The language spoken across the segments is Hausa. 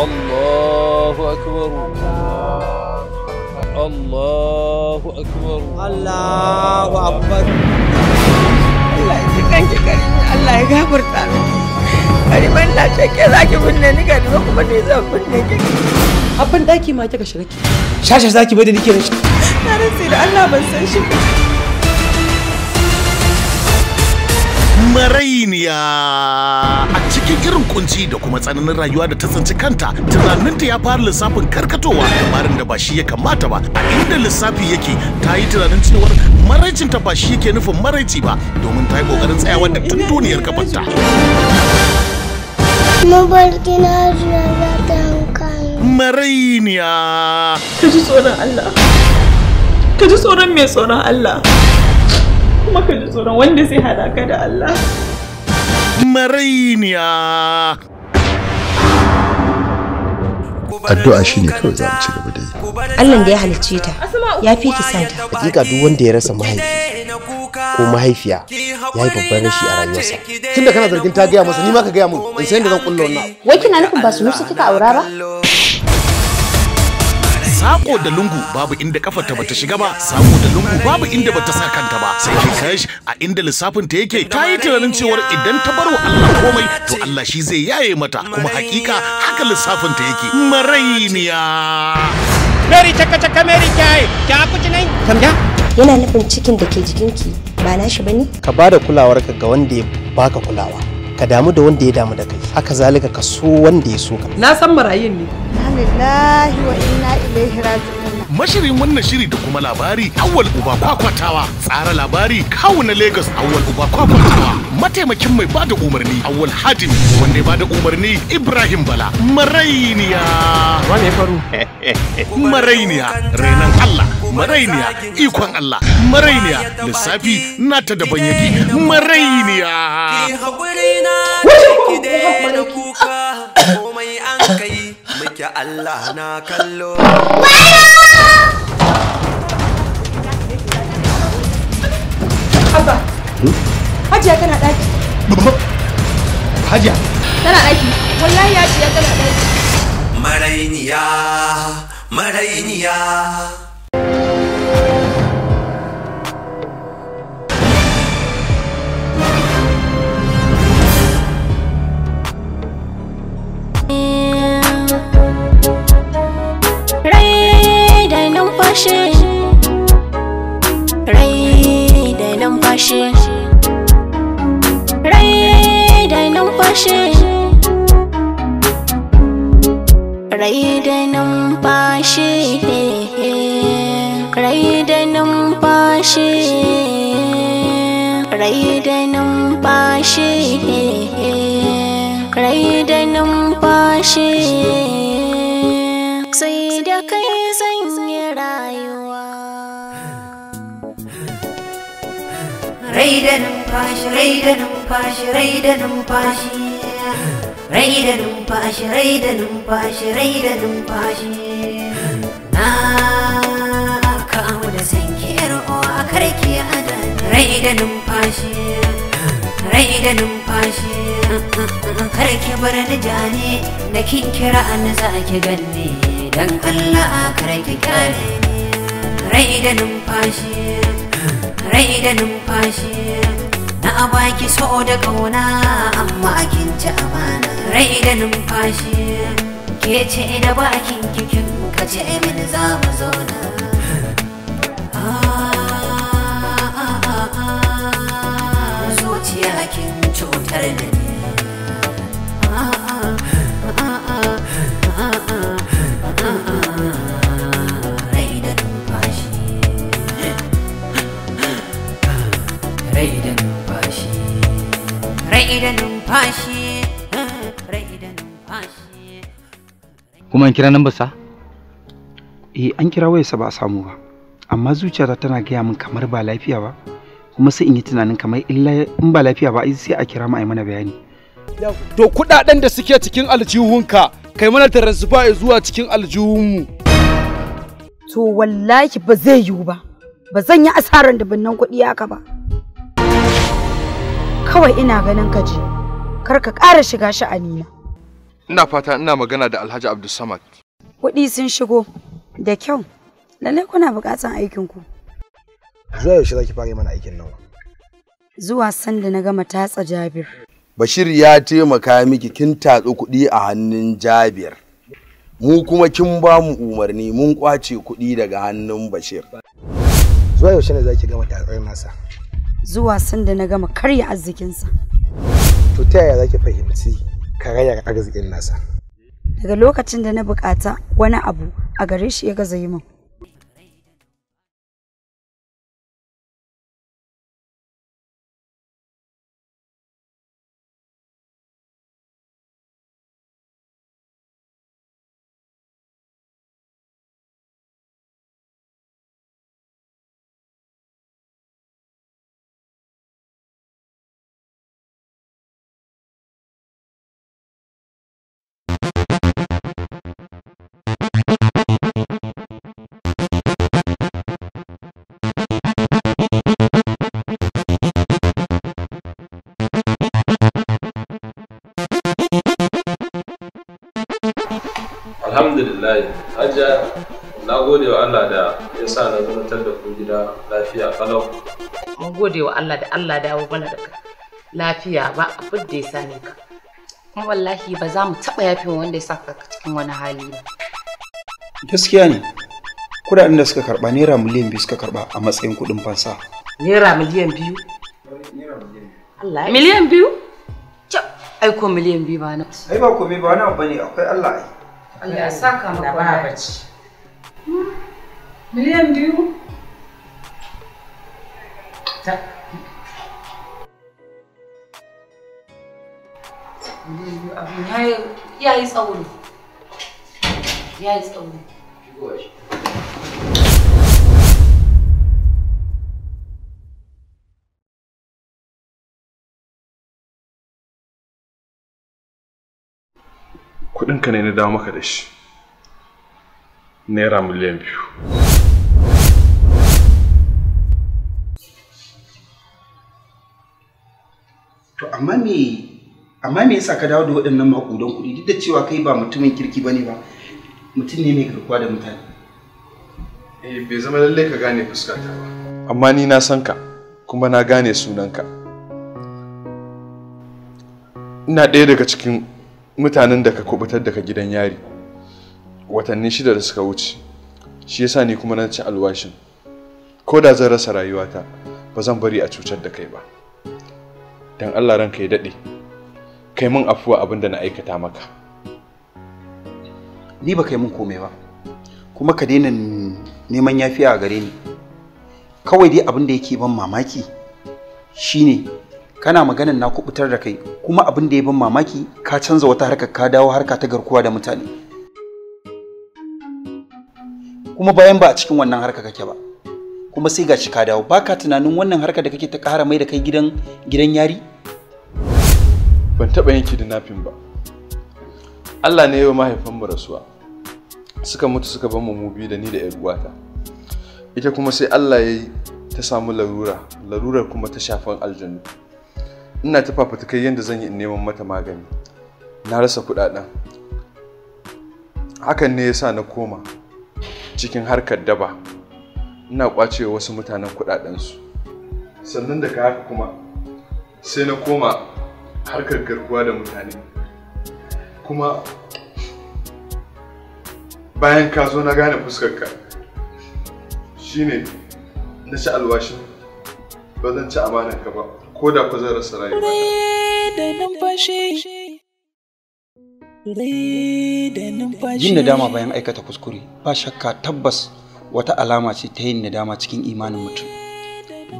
الله أكبر الله أكبر da Allah ban san shi ba marainiya a cikin irin kunci da kuma tsananin rayuwa da ta tsinci kanta tunaninta ya fara lissafin karkatowa labarin da ba shi ya kamata ba a inda lissafi yake ta yi tunanin cewar maraicinta ba shi yake nufin maraici ba domin ta yi kokarin tsayawa da tun duniyar kafanta. Mabarkina ta Marainiya. Ka ji tsoron Allah. Ka ji tsoron mai tsoron Allah. kuma ka ji tsoron wanda zai hada ka da Allah. Mariniya! Addu'a shi ne kawai za mu ci gaba da yi. Allah da ya halicce ta ya fi ki santa. Hakika duk wanda ya rasa mahaifi ko mahaifiya ya yi babban rashi a rayuwarsa. Tunda kana zargin ta gaya masa ni ma ka gaya mu in san da zan kulla wannan. Wai kina nufin ba su nusu kika aura ba? sako da lungu babu inda kafar ta bata shiga ba sako da lungu babu inda bata sa kanta ba sai ke kash a inda lissafin ta yake ta yi tunanin cewar idan ta barwa Allah komai to Allah shi zai yaye mata kuma hakika haka lissafin ta yake marainiya Mary chaka chaka Mary kai ta kuci nan kamda yana nufin cikin da ke jikinki ba nashi bane ka bada kulawarka ga wanda ya baka kulawa ka damu da wanda ya damu da kai haka zalika ka so wanda ya so ka na san marayin ne alhamdulillah wa inna ilaihi raji'un mashirin wannan shiri da kuma labari awwal uba kwakwatawa tsara labari kawu na lagos awwal uba kwakwatawa mataimakin mai bada umarni awwal hadimi wanda ya bada umarni ibrahim bala marainiya wane faru marainiya renan allah marainiya ikon allah marainiya lissafi na ta daban yake marainiya na kuka komai an kai muke Allah na kallo Abba Hajiya tana ɗaki Hajiya tana ɗaki wallahi ya ce tana ɗaki Marainiya Marainiya tashi rai da numfashi rai da numfashi rai da numfashi rai da numfashi rai da numfashi rai da numfashi da kai zan yi rayuwa rai da numfashi rai da numfashi rai da numfashi rai da numfashi rai da numfashi rai da numfashi na kawo da numfashi. a karki numfashi. rai da numfashi rai da numfashi karki bar ni Rai da kin an za ki ganne dan Allah kare ki kyale ni rai da numfashi rai da numfashi na baki so da kauna amma kin ci amana rai da numfashi ke ce da bakin kikin ka ce min za mu zauna ah, ah, ah, zuciya kin cutar da ni numfashi rai kuma an kira nan sa eh an kira wayarsa ba a samu ba amma zuciyata tana gaya min kamar ba lafiya ba kuma sai in yi tunanin kamar illa in ba lafiya ba sai a kira mu ai mana bayani to kudaden da suke cikin aljihunka kai mana taransifa zuwa cikin aljihunmu to wallahi ba zai yiwu ba ba zan yi asarar da binnan kuɗi haka ba kawai ina ganin ka je kar ka ƙara shiga sha'anina. Ina fata ina magana da Alhaji Abdulsamad. Kuɗi sun shigo da kyau. Lallai kuna buƙatar aikin ku. Zuwa yaushe za ki fara mana aikin nawa? Zuwa sanda na gama tatsa Jabir. Bashir ya taimaka miki kin tatsu kuɗi a hannun Jabir. Mu kuma kin ba mu umarni mun kwace kuɗi daga hannun Bashir. Zuwa yaushe ne zaki gama tatsar nasa? Zuwa sanda na gama karya arzikinsa. to ta yaya zaki fahimci karayar arzikin nasa daga lokacin da na bukata wani abu a gare shi ya gaza yi min Allah da Allah dawo mana da lafiya ba abin da ya same ka kuma wallahi ba za mu taɓa yafewa wanda ya saka ka cikin wani hali ba gaskiya ne kuɗaɗen da suka karɓa naira miliyan biyu suka karɓa a matsayin kuɗin fansa naira miliyan biyu Allah miliyan biyu ai ko miliyan biyu ba na ai ba komai ba na bane akwai Allah ai Allah ya saka maka ba bacci hmm, miliyan biyu ta Abin ya yi Ya yi Kuɗinka ne na dawo maka da shi. Naira miliyan biyu. To amma me amma me yasa ka dawo da waɗannan makudan kuɗi duk da cewa kai ba mutumin kirki ba ba mutum ne mai garkuwa da mutane eh bai zama lallai ka gane fuskata ba amma ni na san ka kuma na gane sunanka ina ɗaya daga cikin mutanen da ka kubutar daga gidan yari watanni shida da suka wuce shi yasa ni kuma na ci alwashin ko da zan rasa rayuwata ba zan bari a cutar da kai ba don allah ranka ya daɗe kai min afuwa abin da na aikata maka ni ba kai min komai ba kuma ka daina neman yafiya a gare ni kawai dai abin da yake ban mamaki shine kana maganan na kubutar da kai kuma abin da ya ban mamaki ka canza wata harka ka dawo harka ta garkuwa da mutane kuma bayan ba a cikin wannan harka kake ba kuma sai gashi ka dawo baka tunanin wannan harka da kake ta ƙara mai da kai gidan gidan yari ban taɓa yin kidnapping ba allah ne mahaifan mu rasuwa suka mutu suka bar mu biyu da ni da yar uwata ita kuma sai allah ya yi ta samu larura larurar kuma ta shafan aljanu ina ta kai yanda zan yi in neman mata magani na rasa kudaden hakan ne yasa na koma cikin harkar daba ina kwacewa wasu mutanen su sannan da haka kuma sai na koma harkar garkuwa da mutane kuma bayan ka zo na gane fuskarka shine na ci alwashin ba zan ci amanar ba ko da ku zan rasa rayuwa yin nadama bayan aikata kuskure ba shakka tabbas wata alama ce ta yin nadama cikin imanin mutum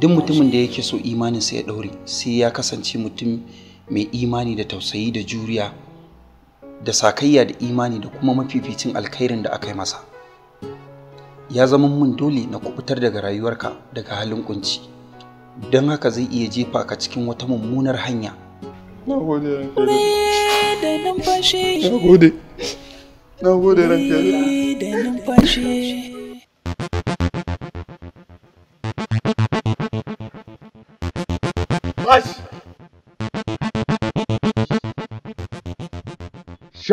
duk mutumin da yake so imanin imaninsa ya ɗaure sai ya kasance mutum mai imani da tausayi da juriya da sakayya da imani da kuma mafificin alkhairin da aka yi masa ya zama mun dole na kubutar daga rayuwarka daga halin kunci don haka zai iya jefa ka cikin wata mummunar hanya na gode na gode na gode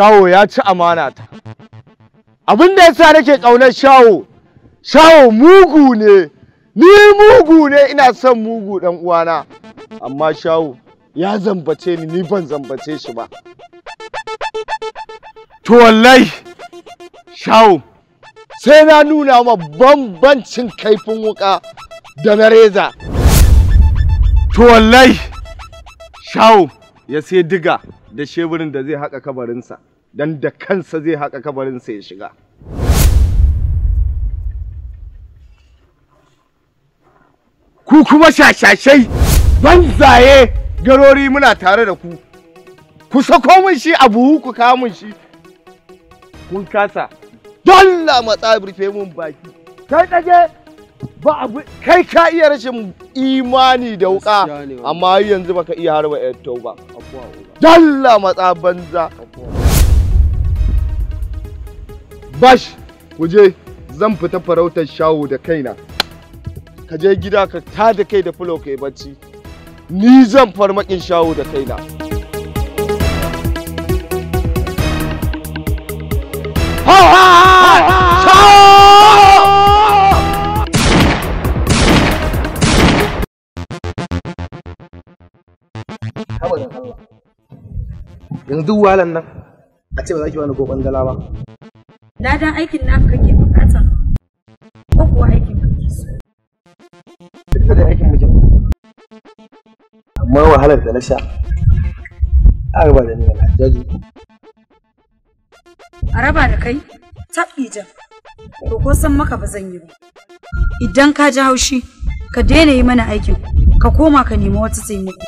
shawo ya ci amana ta abin da yasa nake ƙaunar shawo shawo mugu ne ni mugu ne ina son mugu dan uwana amma shawo ya zambace ni ni ban zambace shi ba to wallahi shawo sai na nuna ma bambancin kaifin wuka da na reza to wallahi shawo ya sai diga da sheburin da zai haƙa kabarinsa don da kansa zai haƙa kabarinsa ya shiga ku kuma shashashai banzaye garori muna tare da ku ku sako min shi abu ku kawo min shi kun kasa dalla matsa rufe mun baki kai ɗage ba abu kai ka iya rashin imani da wuka amma yanzu baka iya harba ba. tauba dalla matsa banza bash kuje zan fita farautar shawo da kaina ka je gida ka ta da kai da fulo ka yi bacci ni zan farmakin shawo da kaina ha ha yanzu walan nan a ce ba za ki bani goban dala ba dan aikin na kake bukata ko kuwa aikin kake so duk da aikin mijin amma wahalar da na sha a raba da ni na jaji a raba da kai taɓi jan to ko san maka ba zan yi ba idan ka ji haushi ka daina yi mana aikin ka koma ka nemi wata taimako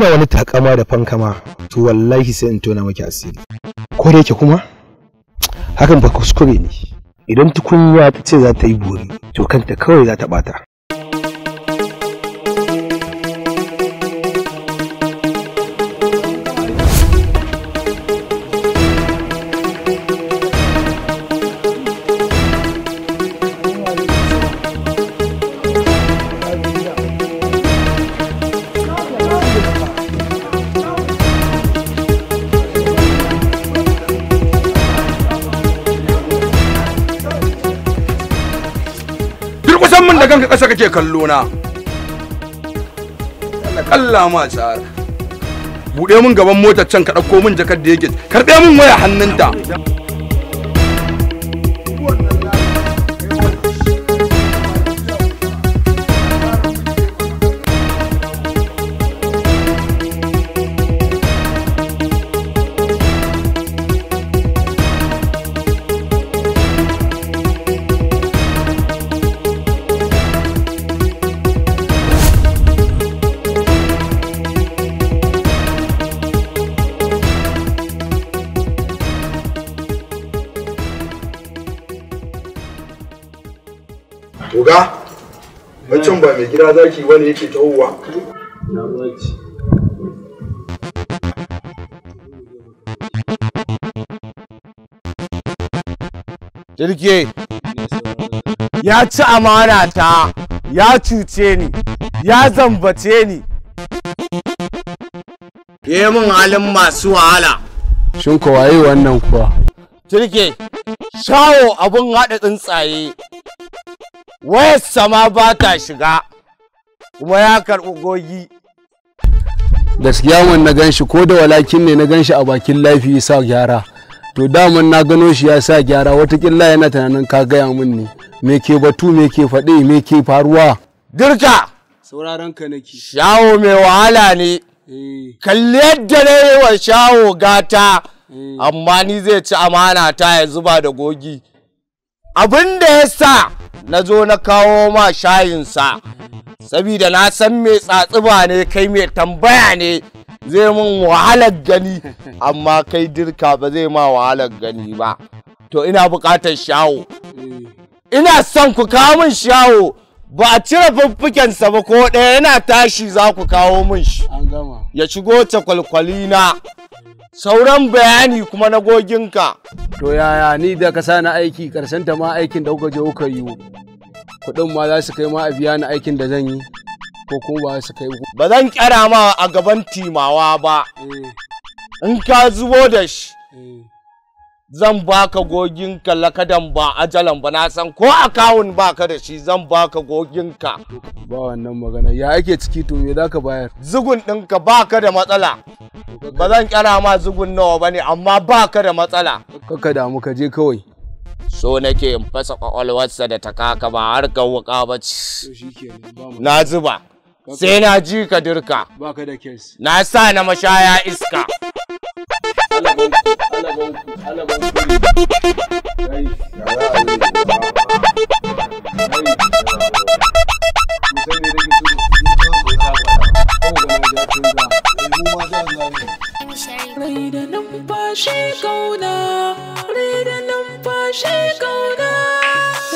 Kuna wani takama da fankama, to wallahi sai in tona maki asiri ko da yake kuma hakan ba kuskure ne idan tukunya ta ce za ta yi bori to kanta kawai za ta bata kake kallo na Allah ma tsara bude mun gaban motar can ka ɗauko min jakar da yake karbe min waya hannunta oga ba mai gida zaki wani yake tahowa Jirge ya ci amana ta ya cuce ni ya zambace ni ya min halin masu wahala shin waye wannan kuwa Jirge shawo abun haɗa tsuntsaye wayarsa ma ba ta shiga kuma ya karɓi gogi gaskiya man na ganshi ko da walakin ne na ganshi a bakin lafi sa gyara to daman na gano shi ya sa gyara watakila yana tunanin ka gaya min ne me ke batu me ke faɗi? me ke faruwa dirka sauraron ka nake shawo mai wahala ne eh. kalli yadda na yi wa shawo gata eh. amma ni zai ci amana ta ya zuba da gogi abin da ya sa na zo na kawo ma shayinsa sabida na san mai tsatsuba ne kai mai tambaya ne zai mun wahalar gani amma kai dirka ba zai ma wahalar gani ba to ina buƙatar shawo ina son ku kawo min shawo ba a cire fuffukensa ba ko ɗaya yana tashi za ku kawo min shi ya shigo ta kwalkwali na sauran bayani kuma na goginka. To yaya ni da ka sani aiki karshen ta ma aikin da kuka je kuka yi kuɗin ma za su kai ma a biya ni aikin da zan yi ko kuma ba su kai ba zan kyara ma a gaban timawa ba eh. in ka zubo da shi eh. zan baka goginka lakadan ba ajalan ba na san ko akawun baka da shi zan baka goginka ba wannan magana ya ake ciki to me za ka bayar zugun ɗinka baka da matsala ba zan kyara ma zugun nawa ba ne amma ba ka da matsala kaka damu ka je kawai so nake in fasa kwakwalwarsa da ta kaka ba har ka wuka ba ci na zuba sai na ji ka dirka na sa na mashaya iska Rai da numfashi kauna, rai da numfashi kauna,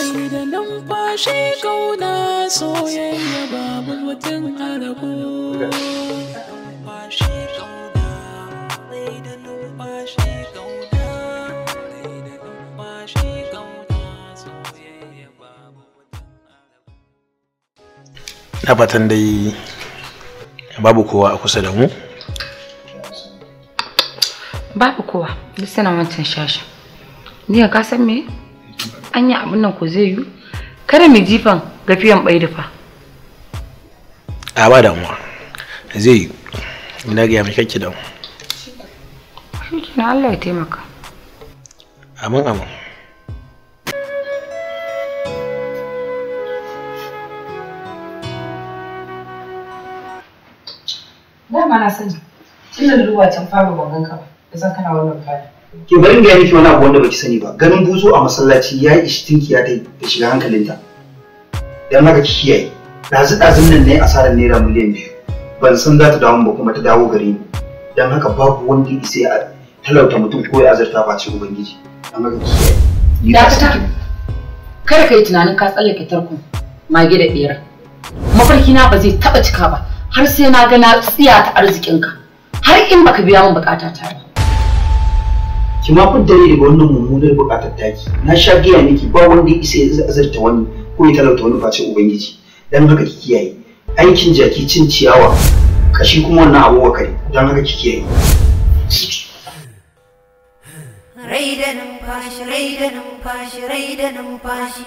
rai da numfashi kauna soyayya ba mutum a da da a fatan dai babu kowa a kusa da mu. babu kowa duk suna wancan shashin ni ka san me an yi abin nan ko zai yi kada mu jifan gafiyan bai dufa a ba damuwa zai yi Ina ga mai kake da shi kina Allah ya taimaka amin amin Dama na sani, tun da ruwa can fara ban ganka ba. ka kana wannan kayan ki bari ga miki wani abu wanda baki sani ba ganin buzo a masallaci ya yi ishtinki ya ta da shiga hankalinta dan haka ki kiyaye dazu dazun nan ne asarar naira miliyan biyu ban san za ta dawo ba kuma ta dawo gare ni dan haka babu wanda ya isa ya talauta mutum ko ya azurta ba ce ubangiji dan haka ki kiyaye ta kar ka yi tunanin ka tsallake tarkon mage da ɗera. mafarki na ba zai taba cika ba har sai na ga na tsiya ta arzikinka har in baka biya min bukata ta ba ki ma ku dare daga wannan mummunar buƙatar taki na sha giya miki ba wanda ya isa ya azarta wani ko ya talauta wani face ubangiji dan haka ki kiyaye aikin jaki cin ciyawa kashi kuma wannan wa kare dan haka ki kiyaye rai da numfashi rai da numfashi rai da numfashi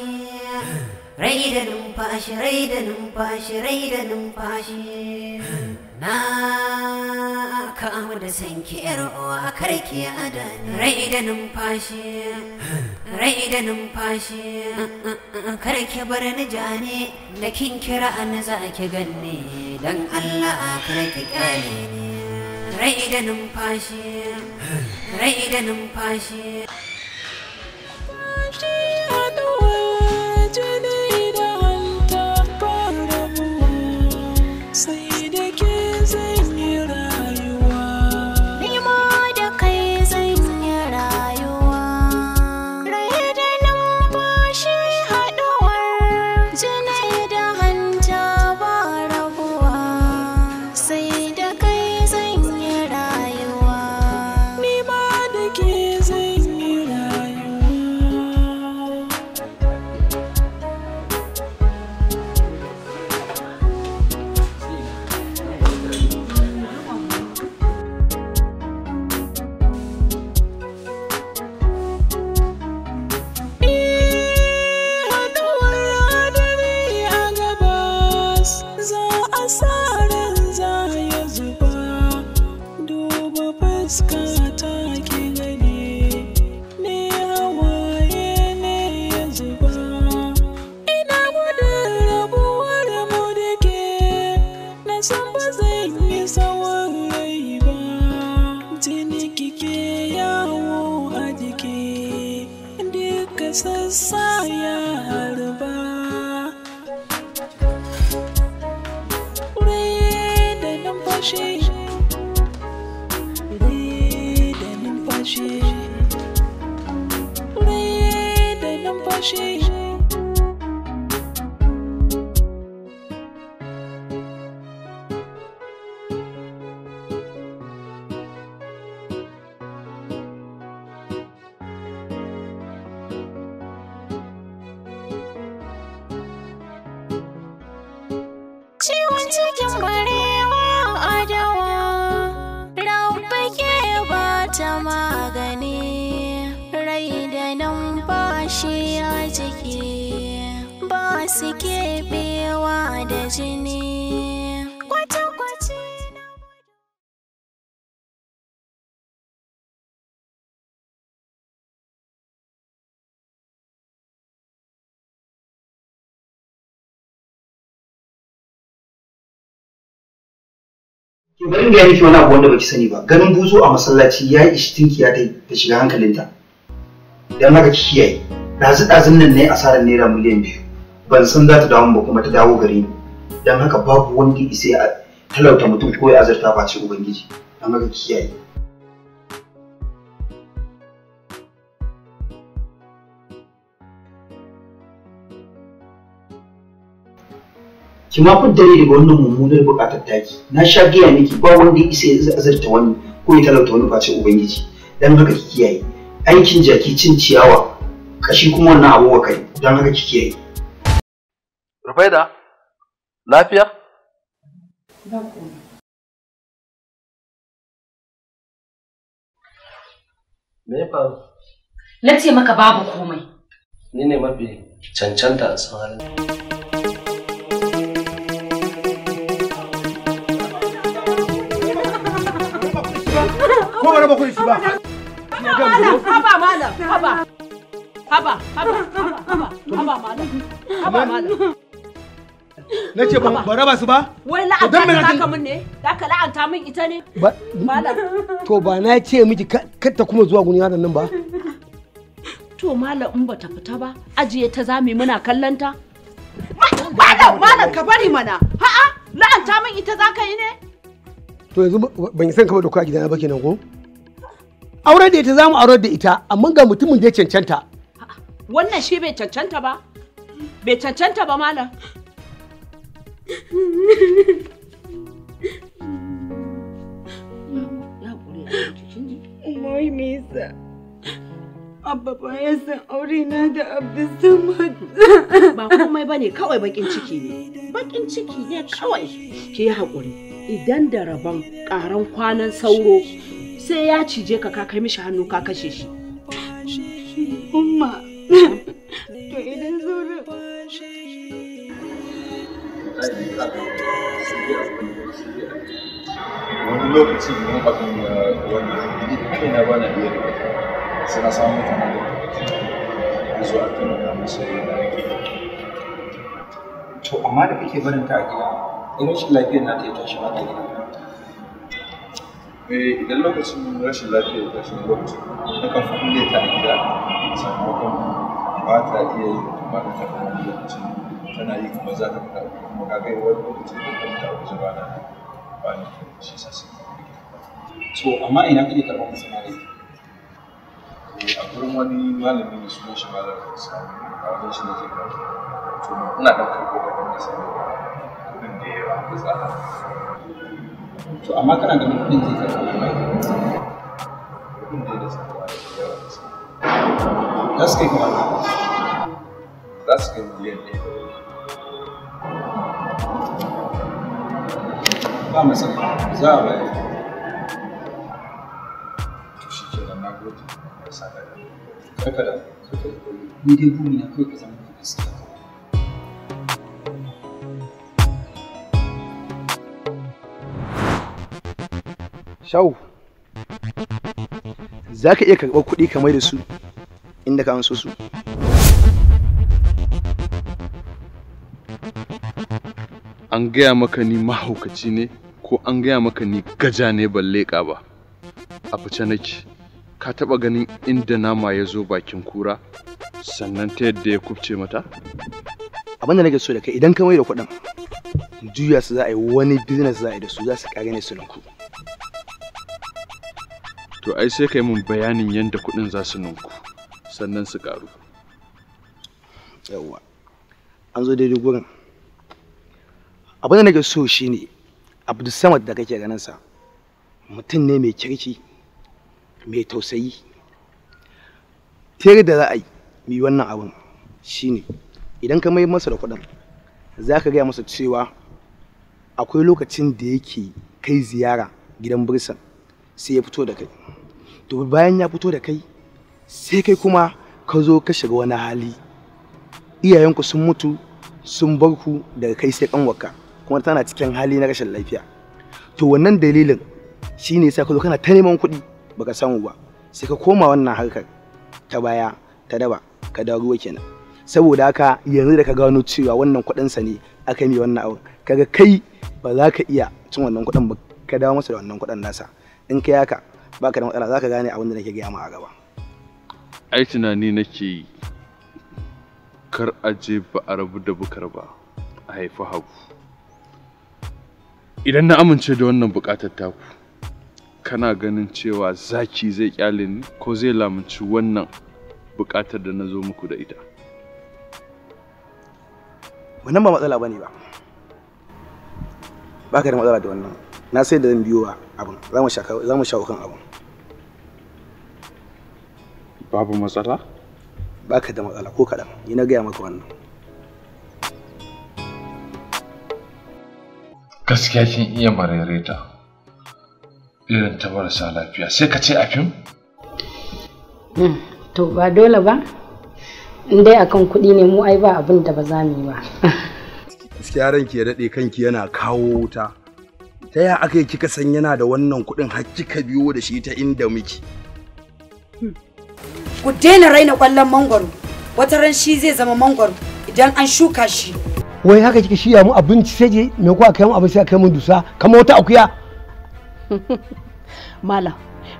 numfashi numfashi numfashi na kamu da sanki yar uwa karki adani rai da numfashi rai da numfashi karki bar ni jani da kin kira an za ki ganni dan Allah karki kare ni rai da numfashi rai da numfashi kwaci ne kwace-kwace wani abu wanda baki sani ba ganin buzu a masallaci ya yi ishtinki ya ta shiga hankalinta idan haka kiyaye dazu dazun nan ne asarar naira miliyan biyu ban san za ta dawo ba kuma ta dawo gare ni don haka babu wanda isa ya talauta mutum ko ya azurta ba ce ubangiji don haka kiyaye ki ma fidda dare daga wannan mummunar bukatar taki na sha giya miki ba wanda isa ya azurta wani ko ya talauta wani face ubangiji don haka ki kiyaye aikin jaki cin ciyawa kashi kuma wannan abubuwa kai don haka ki kiyaye rufaida lafiya me ya faru na ce maka babu komai ni ne mafi cancanta a san halin ko ba raba kuɗi shi ba. Haba malam, haba. Haba, haba, haba, haba, haba haba, Haba haba, na ce ba raba su ba wai la'anta ta ka min ne da ka la'anta min ita ne malam to ba na ce miki kar ta kuma zuwa gurin yaron nan ba to malam in bata fita ba ajiye ta zame muna kallon ta malam malam ka bari mana ha'a la'anta min ita za ka yi ne to yanzu ban san kamar doka a gidana ba kenan ko aure da ita zamu aure da ita amma ga mutumin da ya cancanta wannan shi bai cancanta ba bai cancanta ba malam Mai Misa, Abba ba ya san aure na da Abdul Samad. Ba komai ba ne kawai bakin ciki ne. Bakin ciki ne kawai. ke yi haƙuri. Idan da rabon ƙaran kwanan sauro sai ya cije ka ka kai mishi hannu ka kashe shi. Umma. To idan wani lokaci idan eh, abin da wani kai na bana iya da sai na samu mutane da zuwa a taimaka musu to amma da kake barin ta a gida in rashin lafiyar na ta yi tashi ba ta gida eh idan lokacin rashin lafiyar ya tashi lokacin na kan fi ta a gida sakamakon ba ta iya yi ba ta tafi lokacin tana yi kuma za ta fita kuma ka kai wani lokacin da ka fita waje ba na ba ni shi sa sai so amma ina kake karɓar masa malami eh, a gurin wani malami da sunan shi malam sami a wajen shi ke karɓa to ina ɗaukar ko da kuma sami kuɗin da ya yi da a to amma kana da kuɗin zai karɓa mai kuɗin da ya da tsada da yawa da tsada gaske kuma za su kai miliyan ɗaya ba a bayar to shi ke nan nagode da sada da karka da karka da komi ni dai ka da Shau, za ka iya karɓar kuɗi kamar da su inda ka amsa su. an gaya maka ni mahaukaci ne ko an gaya maka ni gaja ne ban leƙa ba a fice nake ka taɓa ganin inda nama ya zo bakin kura sannan ta yadda ya kubce mata abin da nake so da kai idan ka mai da kuɗin juya su za a yi wani business za a yi da su za su kare ne su ninku to ai sai ka yi min bayanin yadda kuɗin za su ninku sannan su ƙaru yawwa an zo daidai gurin abin da nake so shine Abdulsamad da kake ganin sa mutum ne mai kirki mai tausayi tare da ra'ayi mai wannan abun shine idan ka mai masa da kuɗin zaka ka gaya masa cewa akwai lokacin da yake kai ziyara gidan birsan sai ya fito da kai to bayan ya fito da kai sai kai kuma ka zo ka shiga wani hali iyayenku sun mutu sun bar ku daga kai sai kanwarka kuma tana cikin hali na rashin lafiya to wannan dalilin shine yasa ka zo kana ta neman kuɗi baka samu ba sai ka koma wannan harkar ta baya ta daba ka dawo ruwa kenan saboda haka yanzu da ka gano cewa wannan kuɗin sa ne aka yi wannan abu kaga kai ba za ka iya cin wannan kuɗin ba ka dawo masa da wannan kuɗin nasa in kai haka baka da matsala za ka gane abin da nake gaya ma a gaba ai tunani nake yi kar aje ba a rabu da bukar ba a haifi hagu idan na amince da wannan buƙatar taku kana ganin cewa zaki zai kyale ni ko zai lamunci wannan buƙatar da na zo muku da ita wannan ba matsala bane ba ba ka da matsala da wannan na sai da zan biyo wa abin za mu shawo kan abin babu matsala ba ka da matsala ko kaɗan yi na gaya maka wannan gaskiya kin iya marereta irin ta marasa lafiya sai ka ce a fim? Hmm, to ba dole ba in dai akan kuɗi ne mu ai ba abin da ba za mu yi ba gaskiya ranki ya daɗe kanki yana kawo wuta ta ya aka kika san yana da wannan kuɗin har kika biyo da shi ta inda muke hmm. ku daina raina ƙwallon mangwaro wata ran shi zai zama mangwaro idan an shuka shi wai haka kike shirya mu abinci sai je me ko kai mu abinci kai mu dusa kamar wata akuya Mala,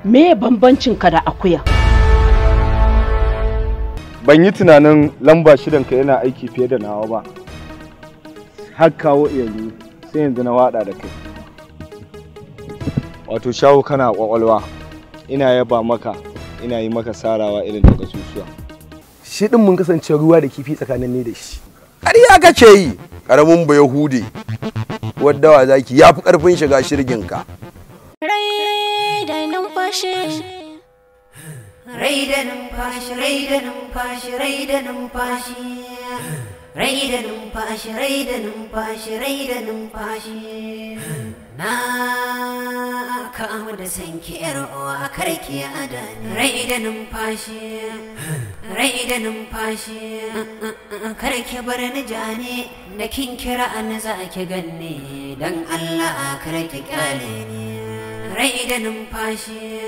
me bambancin ka da akuya ban yi tunanin lamba shidan ka yana aiki fiye da nawa ba har kawo yanzu sai yanzu na wada da kai wato shawo kana kwakwalwa ina yaba maka ina yi maka sarawa irin daga susuwa shi din mun kasance ruwa da kifi tsakanin ni da shi ƙarya kake yi ƙaramin ba yahudi wadda wa zaki ya fi ƙarfin shiga shirginka rai da numfashi rai da numfashi rai da numfashi rai da numfashi rai da numfashi rai da numfashi rai da numfashi na kamu da sanki yar uwa karki adani rai da numfashi rai da numfashi uh, uh, uh, kar ki bar ni ne. da kin kira an za ki ganne dan Allah kar ki kyale ni rai da numfashi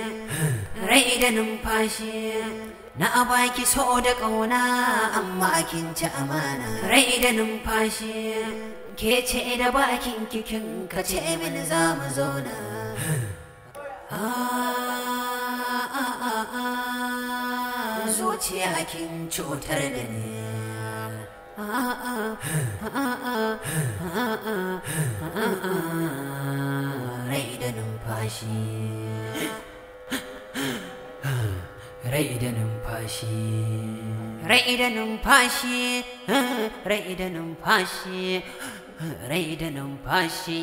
rai da numfashi na baki so da ƙauna amma kin ci amana rai da numfashi ke ce da bakin kikin ka ce min za mu zauna ah, ah, ah, ah. ah. zuciya kin cutar da ni rai da numfashi rai da numfashi rai da numfashi rai da numfashi rai da numfashi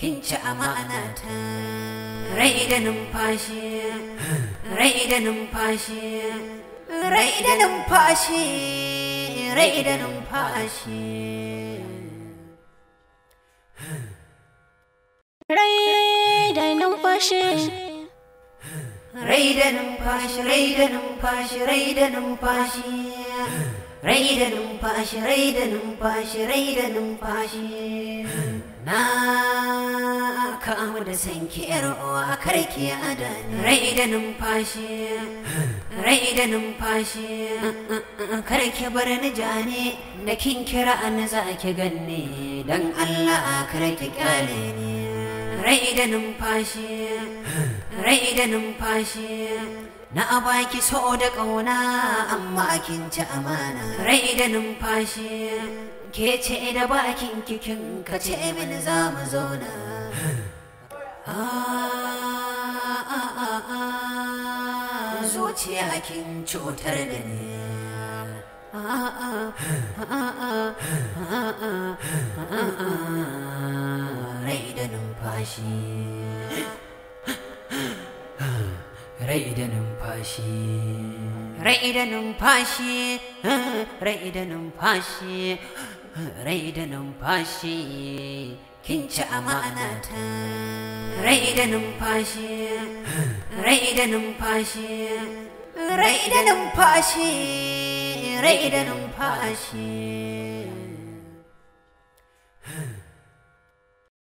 kin ci amana ta rai da numfashi rai da numfashi rai da numfashi rai da numfashi rai da numfashi rai da numfashi rai da numfashi rai da numfashi rai da numfashi rai da numfashi rai da numfashi na kamu da sanki uwa karki a dani rai da numfashi rai da numfashi karki bar ni jani Na kin kira an za ki ganni dan Allah karki kyale ni rai da numfashi rai da numfashi na baki so da kauna amma kin ci amana rai da numfashi ke ce da bakin kikin ka ce min za mu zauna ah, ah, ah, zuciya kin cutar da ni rai da numfashi rai da numfashi rai da numfashi rai da numfashi rai da numfashi kin ci amana ta rai da numfashi rai da numfashi rai da numfashi rai da numfashi